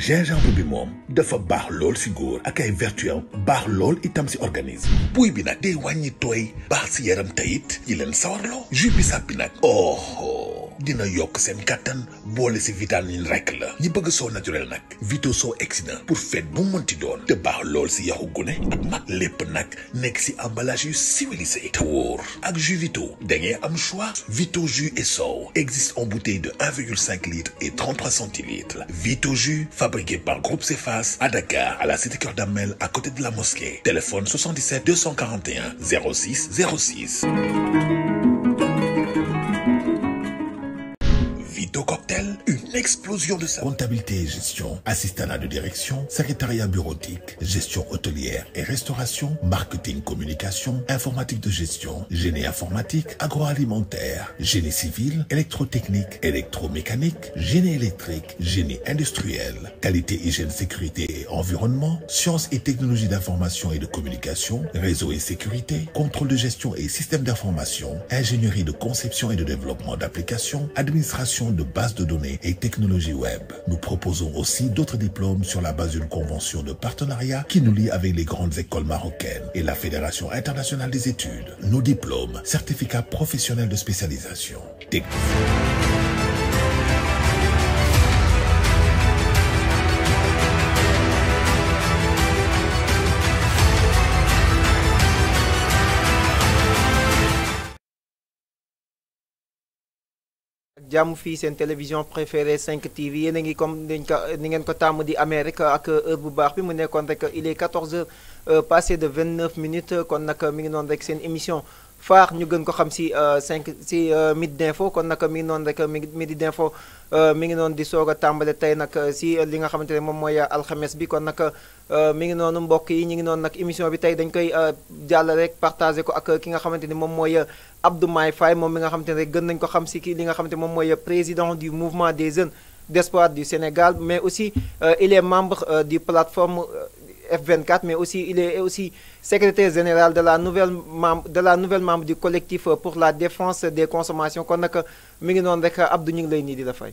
gingembre bi moom dafa baax lool si góor ak ay vertu am baax lool itam si organisme buy bi nag day wàññi tooy baax si yaram tayit yi leen sawarloo jus bi sàppi nag oh, oh dina yok sen katan bolé ci vitamine rek la ñi bëgg so naturel nag Vito soo pour fête bu mënti doon te baax lool si yaxu gune ak mag lépp nag emballage civilisé te wóor ak jus Vito da ngeen am choix Vito jus et so existe en bouteille de 1,5 litre et 33 centilitres Vito jus fabriqué par Groupe Cefas à Dakar à la cité cœur Damel à côté de la mosquée téléphone 77 241 06 06 explosion de ça. Comptabilité et gestion, assistanat de direction, secrétariat bureautique, gestion hôtelière et restauration, marketing communication, informatique de gestion, génie informatique, agroalimentaire, génie civil, électrotechnique, électromécanique, génie électrique, génie industriel, qualité, hygiène, sécurité et environnement, sciences et technologies d'information et de communication, réseau et sécurité, contrôle de gestion et système d'information, ingénierie de conception et de développement d'applications, administration de bases de données et technologies Technologie web. Nous proposons aussi d'autres diplômes sur la base d'une convention de partenariat qui nous lie avec les grandes écoles marocaines et la Fédération internationale des études. Nos diplômes, certificats professionnels de spécialisation. jàmm fii seen télévision préférée 5 TV yéen a ngi comme dañ ko ni ngeen ko tàmm di Amérique ak heure bu baax bi mu nekkoon rek il est 14 heures euh, passé de 29 minutes kon nag mi ngi noonu rek seen émission. faax ñu gën ko xam si euh, cinq si euh, midi d'info kon nag mi ngi noonu rek midi euh, mi ngi noonu di soog a tàmbale tey nag si li nga xamante ne moom mooy alxemes bi kon nag mi ngi noonu mbokk yi ñu ngi noonu nag émission bi tey dañ koy jàll rek partage ko ak ki nga xamante ni moom mooy Abdou Maye Faye moom mi nga xamante ne rek gën nañ ko xam si ki li nga xamante moom mooy président du mouvement des jeunes d'espoir du Sénégal mais aussi il est membre plateforme F24, mais aussi il est aussi secrétaire général de la nouvelle membre de la nouvelle membre du collectif pour la défense des consommations qu'on a mi ngi noonu Abdou ñu de la fay.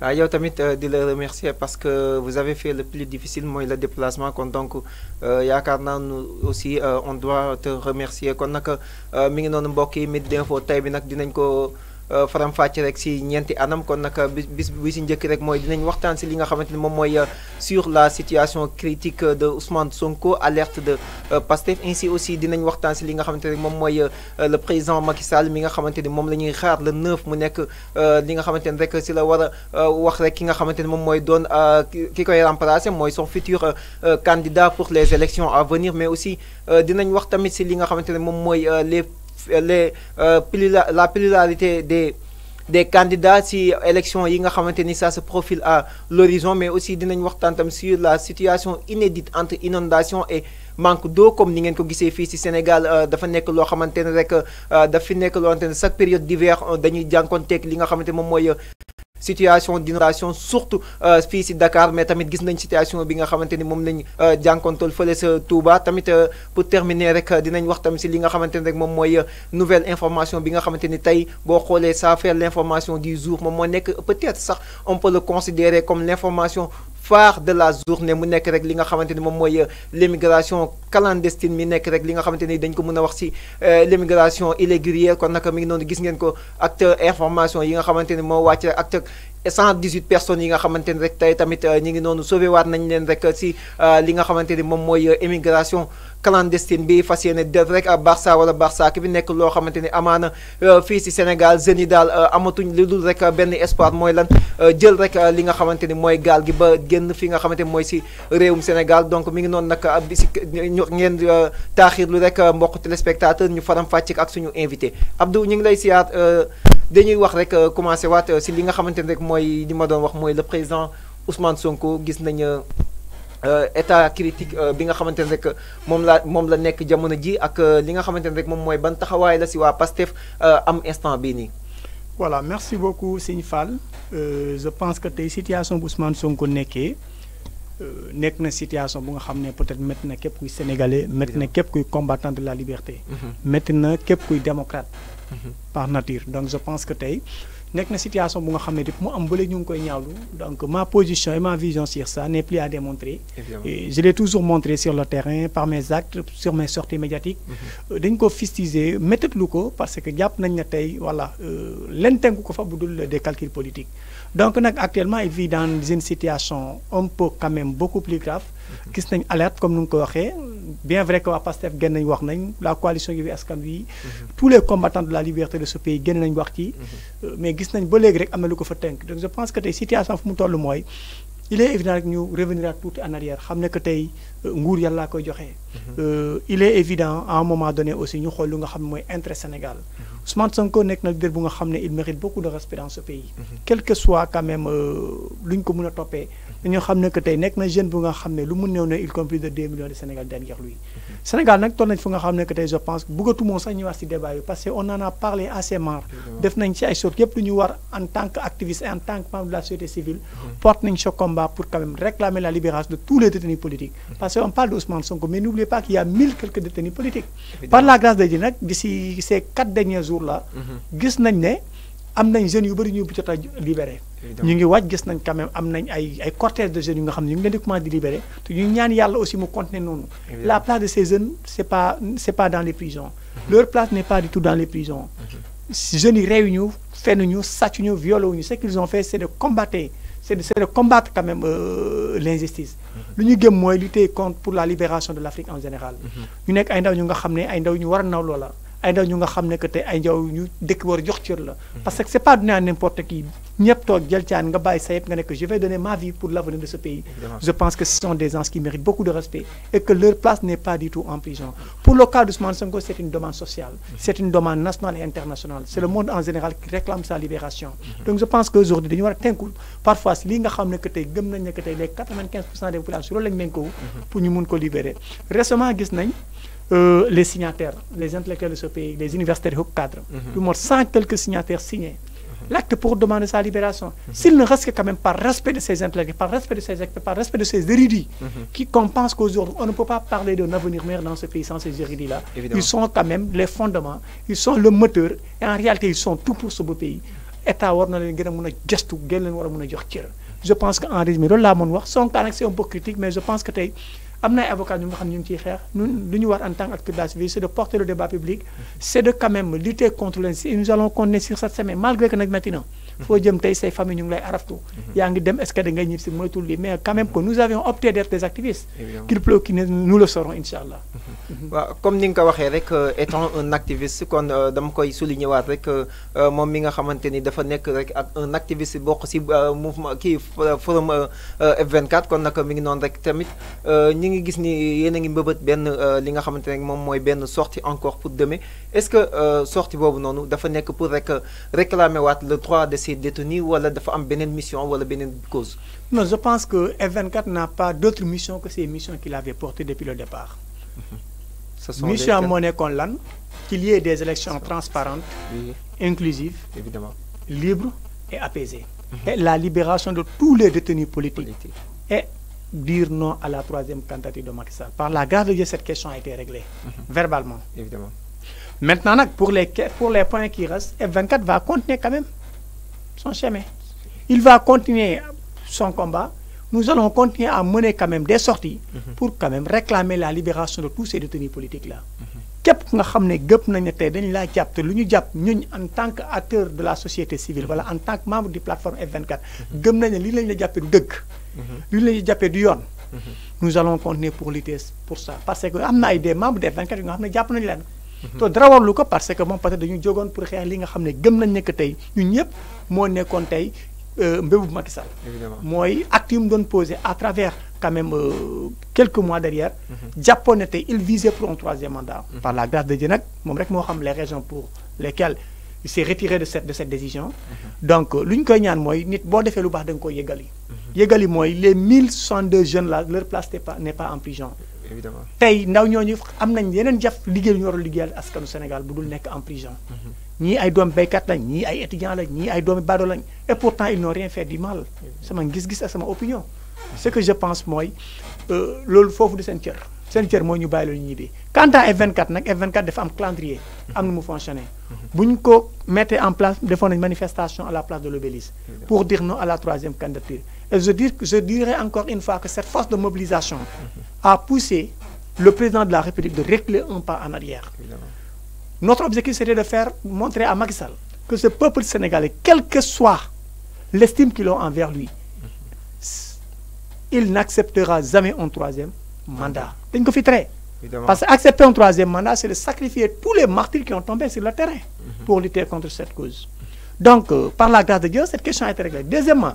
waaw ah, tamit euh, de le remercier parce que vous avez fait le plus difficile moi, le déplacement donc euh, Yakarna, nous aussi euh, on doit te remercier kon nag mi ngi noonu mbokk yi Midi Info tey bi nag dinañ ko. Euh, faram fàcce rek si ñeenti anam kon nag bis bi si njëkk rek mooy dinañ waxtaan si li nga xamante ne moom mooy euh, sur la situation critique de Ousmane Sonko alerte de euh, Pastef ainsi aussi dinañ waxtaan si li nga xamante ne moom mooy le président Macky Sall mi nga xamante ni moom la ñuy xaar le 9 mu nekk li nga xamante ne rek si la war a wax rek ki nga xamante ne moom mooy doon ki koy remplacer mooy son futur candidat pour les élections à venir mais aussi dinañ wax tamit si li nga xamante ne moom mooy les euh, la pluralité des des candidats si l'élection se profile à l'horizon mais aussi sur la situation inédite entre inondation et manque d'eau comme ni ngeen ko gisee euh, euh, fi si Sénégal dafa que lo xamantene rek daf nek nekk chaque période d'hiver euh, dañuy ak li nga xamantene mom moy situation d'inondation surtout fii si Dakar mais tamit gis nañ situation bi nga xamante ni moom lañ jànkontol fële sa Touba tamit pour terminer rek dinañ wax tamit si li nga xamante ni rek moom mooy nouvelle information bi nga xamante ni tey boo xoolee ça faire l'information du jour moom moo nekk peut-être sax on peut le considérer comme l'information phare de la journée mu nek rek li nga xamanteni mom moy euh, l'immigration clandestine mi nek rek li nga xamanteni dañ ko mëna wax ci euh, l'immigration irrégulière kon naka mi ngi non gis ngeen ko acteur information yi nga xamanteni mo wacc wàcc acteur 118 personnes yi nga xamanteni rek tay tamit euh, ñi ngi noonu sauver waat nañ leen rek ci li nga xamanteni mom moy mooy immigration clandestine bi fas yéene del rek Barça wala Barça ki bi nekk loo xamante ni amaana euh, fii si Sénégal jeunes yi daal euh, amatuñ li dul rek euh, benn espoir mooy lan jël rek li nga xamante ni mooy gaal gi ba génn fii nga xamante ni mooy si réewum Sénégal donc mi ngi noonu nag si ngeen taaxirlu rek mbokk téléspectateur ñu faram fàcc ak suñu invité Abdou ñu ngi lay siyaar dañuy wax rek commencé waat si li nga xamante ni rek mooy li ma doon wax mooy le président Ousmane Sonko gis nañ Euh, état critique euh, bi nga xamantene rek mom la mom la nek jamono ji ak euh, li nga xamantene rek mom moy ban taxaway la si wa PASTEF am instant bii nii. voilà merci beaucoup Sëñ Fall je pense que tay situation Ousmane Sonko nekkee nek na situation bu nga xamné peut-être métti na képp kuy sénégalais métti na képp kuy combattant de la liberté. métti mhm. na képp kuy démocrate. Mhm. par nature donc je pense que tey. C'est na situation bu nga ne mu am ba ñu koy ñaawlu donc ma position et ma vision sur ça n'est plus à démontrer et je l'ai toujours montré sur le terrain par mes actes sur mes sorties médiatiques mhm. euh, dañ ko fistiser méttatlu ko parce que japp nañ ne tay voilà euh, leen ko fa des calculs politiques donc actuellement il vit dans une situation un peu quand même beaucoup plus grave mhm. gis nañ alerte comme nous ko bien vrai que waa PASTEF génn nañu wax la coalition qui Askan Wi tous les combattants de la liberté de ce pays génn nañu wax mais gis sont ba léegi rek am na fa donc je pense que tey situation à mu toll il est évident que nous revenir tout en arrière xam ne que tey euh, nguur la koy joxe. Euh, il est évident à un moment donné aussi ñu xool lu nga xam mooy intérêt Sénégal Ousmane Sonko il mérite beaucoup de respect dans ce pays. Mhm. quel que soit quand même euh, luñ ko mëna a ñu que tay nek na jeune bu nga compte plus de 2 millions de Sénégal derrière lui. Mhm. Sénégal nak ton nañ que tay je pense que tout sax ñëwaat ci débat parce que on en a parlé assez mal def nañ ci ay sorte yépp lu ñu war en tant qu'activistes et en tant que membre de la société civile. Mhm. porte nañ combat pour quand même réclamer la libération de tous les détenus politiques. parce que on parle d'Ousmane Sonko mais n'oubliez pas qu'il y a mille quelques détenus politiques. par la grâce de Dieu d'ici ces 4 derniers jours parcours là. gis nañ né am nañ jeunes yu bari ñu jot a libéré. ñu ngi wajj gis nañ quand même am nañ ay ay cortège de jeunes yu nga xam ñu ngi leen di commencé di libéré te ñu ñaan yalla aussi mu continuer noonu. la place de ces jeunes c'est pas c'est pas dans les prisons. leur place n'est pas du tout dans les prisons. jeunes yi réew ñu fenn ñu sàcc ñu violé wu ñu ce qu'ils ont fait c'est de combattre c'est c'est de de combattre quand même euh, l'injustice injustice. lu ñu gëm mooy lutter contre pour la libération de l'afrique en général. Mhm. ñu nek ay ndaw ñu nga xamné ay ndaw ñu war naw Aïda ñu nga xam que tey ay ndaw ñu dëkk war jox cër la. parce que c' est pas donné à n' importe qui ñëpp toog jël caan nga bàyyi sa yëpp nga ne que je vais donner ma vie pour l' avenir de ce pays. je pense que ce sont des gens qui méritent beaucoup de respect et que leur place n'est pas du tout en prison. pour le cas d'Ousmane Sonko c' est une demande sociale. Mhm. C'est une demande nationale et internationale. C'est le mhm. monde en général qui réclame sa libération. Mhm. donc je pense que aujourd'hui dañu war a tënku parfois lii nga xam ne que tey gëm nañ ne que tey les quatre vingt quinze pour cent des populations loolu lañ mën ko. pour ñu mun ko libérer récemment gis nañ. Euh, les signataires, les intellectuels de ce pays, les universitaires haut cadre, mhm. le moins sans quelques signataires signés, mhm. l'acte pour demander sa libération. Mhm. S'il ne reste que quand même par respect de ces intellectuels, par respect de ces actes, par respect de ces érudits, qui compensent qu'aujourd'hui, on ne peut pas parler d'un avenir meilleur dans ce pays sans ces érudits-là. Ils sont quand même les fondements, ils sont le moteur, et en réalité, ils sont tout pour ce beau pays. Je pense qu'en résumé, là, mon noir, c'est un peu critique, mais je pense que y avons un avocats qui nous xam dit que en tant que c'est de de porter le débat public c'est de quand même lutter contre l'insécurité. nous allons continuer sur cette semaine malgré que nous metti maintenant. que jëm tey ces familles ñu lay araftu yaa ngi dem est-ce que da ngay ñib si mais quand même que nous avions opté d'être des activistes qu'il pleut ou nous le saurons, Inch'Allah comme ni nga ko euh, étant un activiste euh, koy souligner rek euh, un activiste mouvement F24 kon nak mi ngi rek tamit ñi ngi gis ni encore pour demain est-ce que sortie dafa pour réclamer le droit de ces détenus wala dafa am mission wala cause. Non, je pense que F24 n'a pas d'autre mission que ces missions qu'il avait portées depuis le départ. Mhm. Monsieur Ammoné Conlan, qu'il y ait des élections transparentes inclusives libres et apaisées mhm. et la libération de tous les détenus politiques et dire non à la troisième candidature de Macky par la garde, de cette question a été réglée mhm. verbalement évidemment maintenant pour les pour les points qui restent F24 va continuer quand même son chemin il va continuer son combat nous allons continuer à mener quand même des sorties pour quand même réclamer la libération de tous ces détenus politiques-là. qu'est-ce nga nous gëp nañu en tant que de la société civile voilà en tant que membre du plateforme F24 gëm nañ li lañ la jappé nous du nous allons continuer pour lutter pour ça parce que des membres des 24 nga xamné japp nañu parce que nous peut dañu pour li nga gëm nañ euh, mbébub Macky Sall moi acte yu posé à travers quand même euh, quelques mois derrière mhm. japon était il visait pour un troisième mandat mhm. par la grâce de Dieu nag moom rek les raisons pour lesquelles il s'est retiré de cette de cette décision mhm. donc euh, l'une ñu koy ñaan mooy nit boo defee lu baax da nga koy yëgali yëgali mooy les moi les deux jeunes là leur place n'est pas n'est pas en prison évidemment tey ndaw ñooñu jaf ñu war a liggéeyal askanu Sénégal bu en prison. Mhm. ñii ay doom béykat lañ ñii ay étudiants lañ ñii ay doomi lañ et pourtant ils n'ont rien fait du mal. Mhm. sama gis-gis sama opinion. ce que je pense mooy euh, loolu foofu du seen cër. seen cër mooy ñu bàyyi la ñu ñibbi quant à F24 F24 dafa am calendrier. Mhm. am nous fonctionner. fonctionné. bu ko mettre en place defoon nañ manifestation à la place de l'Obélisque pour dire non à la troisième candidature et je dis je dirai encore une fois que cette force de mobilisation a poussé le président de la République de reculer un pas en arrière. Notre objectif serait de faire montrer à Macky Sall que ce peuple sénégalais, quelle que soit l'estime qu'ils ont envers lui, il n'acceptera jamais un troisième mandat. Évidemment. Parce accepter un troisième mandat, c'est de sacrifier tous les martyrs qui ont tombé sur le terrain mhm. pour lutter contre cette cause. Donc, euh, par la grâce de Dieu, cette question a été réglée. Deuxièmement,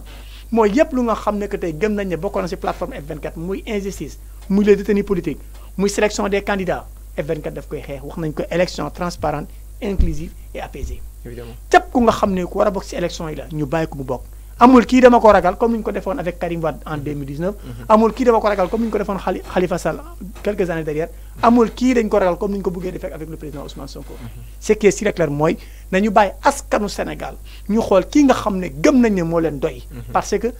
moi, je sais que nous avons plateforme F24, moi, injustice muy les détenus politiques muy sélection des candidats F24 daf koy xeex wax nañ ko élection transparente inclusive et apaisée. évidemment képp ku nga xam ne ku war a bokk ci élection yi la ñu bàyyi ko mu bokk. amul kii dama ko ragal comme ni ñu ko defoon avec Karim Wade en 2019. Mhm. Mhm. amul kii dama ko ragal comme ni ñu ko defoon Khalifa Sall quelques années derrière. Mhm. amul kii dañ ko ragal comme ni ñu ko defee avec le président Ousmane Sonko. ce qui est si clair mooy nañu bàyyi askanu Sénégal ñu xool kii nga xam ne gëm nañ ne moo leen doy. parce que.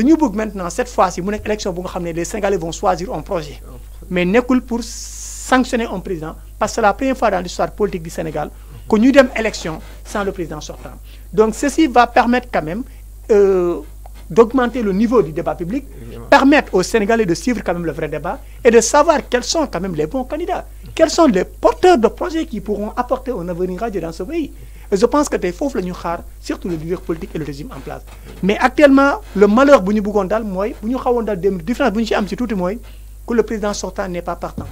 New Book maintenant cette fois-ci mon élection les Sénégalais vont choisir un projet mais pas pour sanctionner un président parce que c'est la première fois dans l'histoire politique du Sénégal que ñu une élection sans le président sortant donc ceci va permettre quand même euh, d'augmenter le niveau du débat public, permettre aux Sénégalais de suivre quand même le vrai débat et de savoir quels sont quand même les bons candidats, quels sont les porteurs de projets qui pourront apporter un avenir radieux dans ce pays. Et je pense que c'est faux nous surtout le leader politique et le régime en place. Mais actuellement, le malheur que nous avons, c'est que nous différence tout que le président sortant n'est pas partant.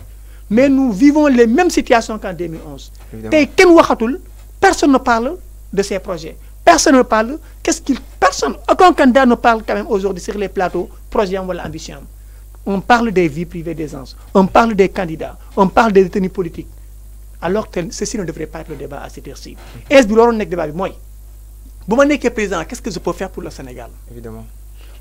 Mais nous vivons les mêmes situations qu'en 2011. Et Personne ne parle de ces projets. Personne ne parle. Qu'est-ce qu'il personne, aucun candidat ne parle quand même aujourd'hui sur les plateaux, projet ou ambition. On parle des vies privées des gens, on parle des candidats, on parle des détenus politiques alors que ceci ne devrait pas être le débat à cette heure-ci. Est-ce que le débat Moi, si je suis président, qu'est-ce que je peux faire pour le Sénégal Évidemment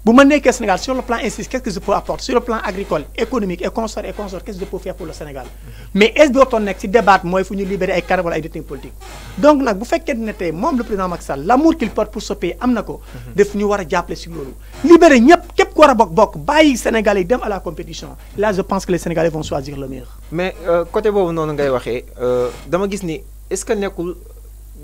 bu ma Sénégal sur le plan qu'est-ce que je peux apporter sur le plan agricole économique et consort et consort qu'est-ce que je peux faire pour le Sénégal mais est-ce que débat libérer politiques donc vous bu le président Maxal, l'amour qu'il porte pour ce pays amnako, libérer a Sénégalais à la compétition là je pense que les Sénégalais vont choisir le meilleur mais euh, côté euh, est-ce que